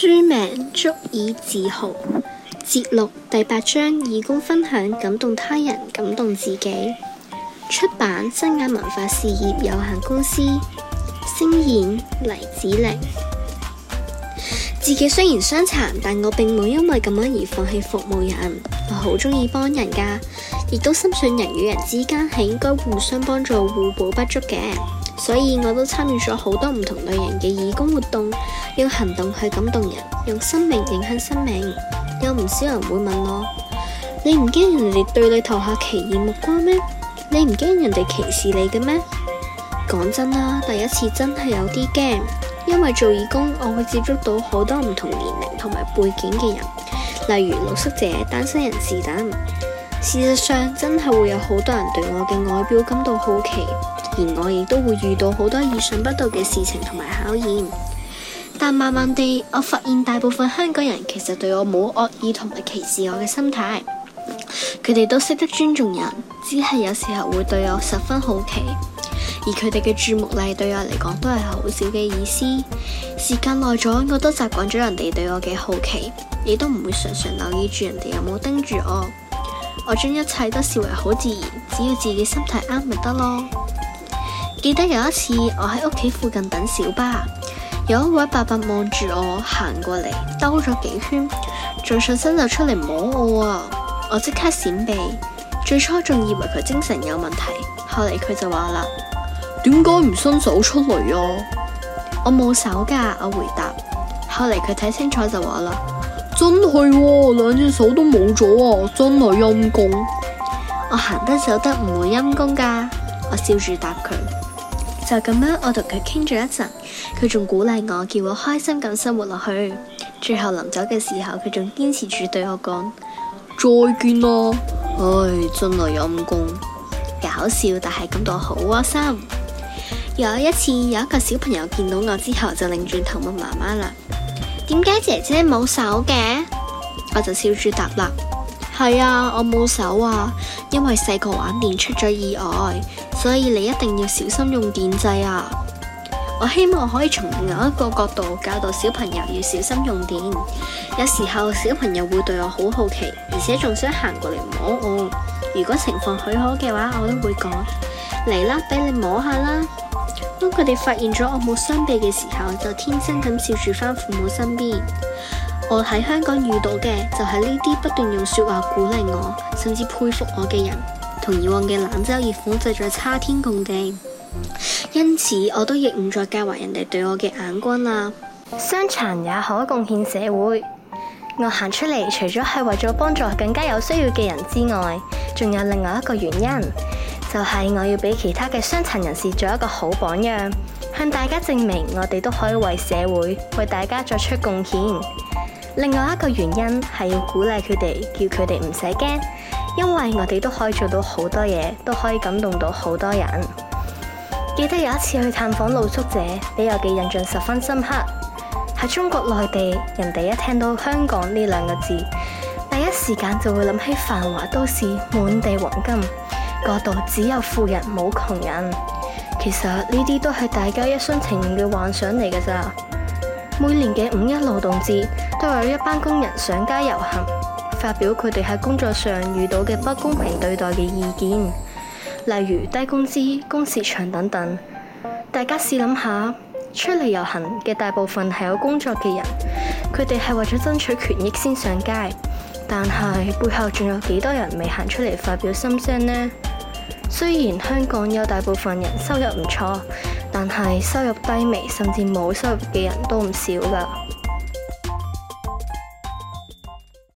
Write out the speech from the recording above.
書名足以自豪，節錄第八章，義工分享，感動他人，感動自己。出版，新雅文化事業有限公司，聲演黎祉寧。自己雖然傷殘，但我並冇因為咁樣而放棄服務人。我好鍾意幫人㗎，亦都深信人與人之間係應該互相幫助、互補不足嘅。所以我都參與咗好多唔同類型嘅義工活動，用行動去感動人，用生命影響生命。有唔少人會問我：你唔驚人哋對你投下奇異目光咩？你唔驚人哋歧視你嘅咩？講真啦，第一次真係有啲驚，因為做義工，我會接觸到好多唔同年齡同埋背景嘅人，例如露宿者、單身人士等。事實上，真係會有好多人對我嘅外表感到好奇。而我亦都會遇到好多意想不到嘅事情同埋考驗，但慢慢地，我發現大部分香港人其實對我冇惡意同埋歧視我嘅心態。佢哋都識得尊重人，只係有時候會對我十分好奇，而佢哋嘅注目禮對我嚟講都係好少嘅意思。時間耐咗，我都習慣咗人哋對我嘅好奇，亦都唔會常常留意住人哋有冇盯住我。我將一切都視為好自然，只要自己心態啱咪得咯。記得有一次我喺屋企附近等小巴，有一位伯伯望住我行過嚟，兜咗幾圈，仲上身就出嚟摸我啊！我即刻閃避，最初仲以為佢精神有問題，後嚟佢就話啦：，點解唔伸手出嚟啊？我冇手噶，我回答。後嚟佢睇清楚就話啦、哦：，真係，兩隻手都冇咗啊！真係陰功。我行得走得唔會陰功噶，我笑住答佢。就咁樣，我同佢傾咗一陣，佢仲鼓勵我，叫我開心咁生活落去。最後臨走嘅時候，佢仲堅持住對我講再見咯。唉，真係陰公，搞笑，但係感到好窩心。有一次，有一個小朋友見到我之後，就擰轉頭問媽媽啦：點解姐姐冇手嘅？我就笑住答啦：係啊，我冇手啊，因為細個玩電出咗意外。所以你一定要小心用電掣啊！我希望可以從另一個角度教導小朋友要小心用電。有時候小朋友會對我好好奇，而且仲想行過嚟摸我。如果情況許可嘅話，我都會講嚟啦，俾你摸下啦。當佢哋發現咗我冇雙臂嘅時候，就天真咁笑住返父母身邊。我喺香港遇到嘅就係呢啲不斷用說話鼓勵我，甚至佩服我嘅人。同以往嘅冷州熱火實在差天共地，因此我都亦唔再介懷人哋對我嘅眼光啦。傷殘也可貢獻社會，我行出嚟除咗係為咗幫助更加有需要嘅人之外，仲有另外一個原因，就係我要俾其他嘅傷殘人士做一個好榜樣，向大家證明我哋都可以為社會、為大家作出貢獻。另外一個原因係要鼓勵佢哋，叫佢哋唔使驚。因為我哋都可以做到好多嘢，都可以感動到好多人。記得有一次去探訪露宿者，俾我嘅印象十分深刻。喺中國內地，人哋一聽到香港呢兩個字，第一時間就會諗起繁華都市、滿地黃金，嗰度只有富人冇窮人。其實呢啲都係大家一廂情願嘅幻想嚟㗎咋。每年嘅五一勞動節，都有一班工人上街遊行。發表佢哋喺工作上遇到嘅不公平對待嘅意見，例如低工資、工時長等等。大家試諗下，出嚟遊行嘅大部分係有工作嘅人，佢哋係為咗爭取權益先上街。但係背後仲有幾多人未行出嚟發表心聲呢？雖然香港有大部分人收入唔錯，但係收入低微，甚至冇收入嘅人都唔少㗎。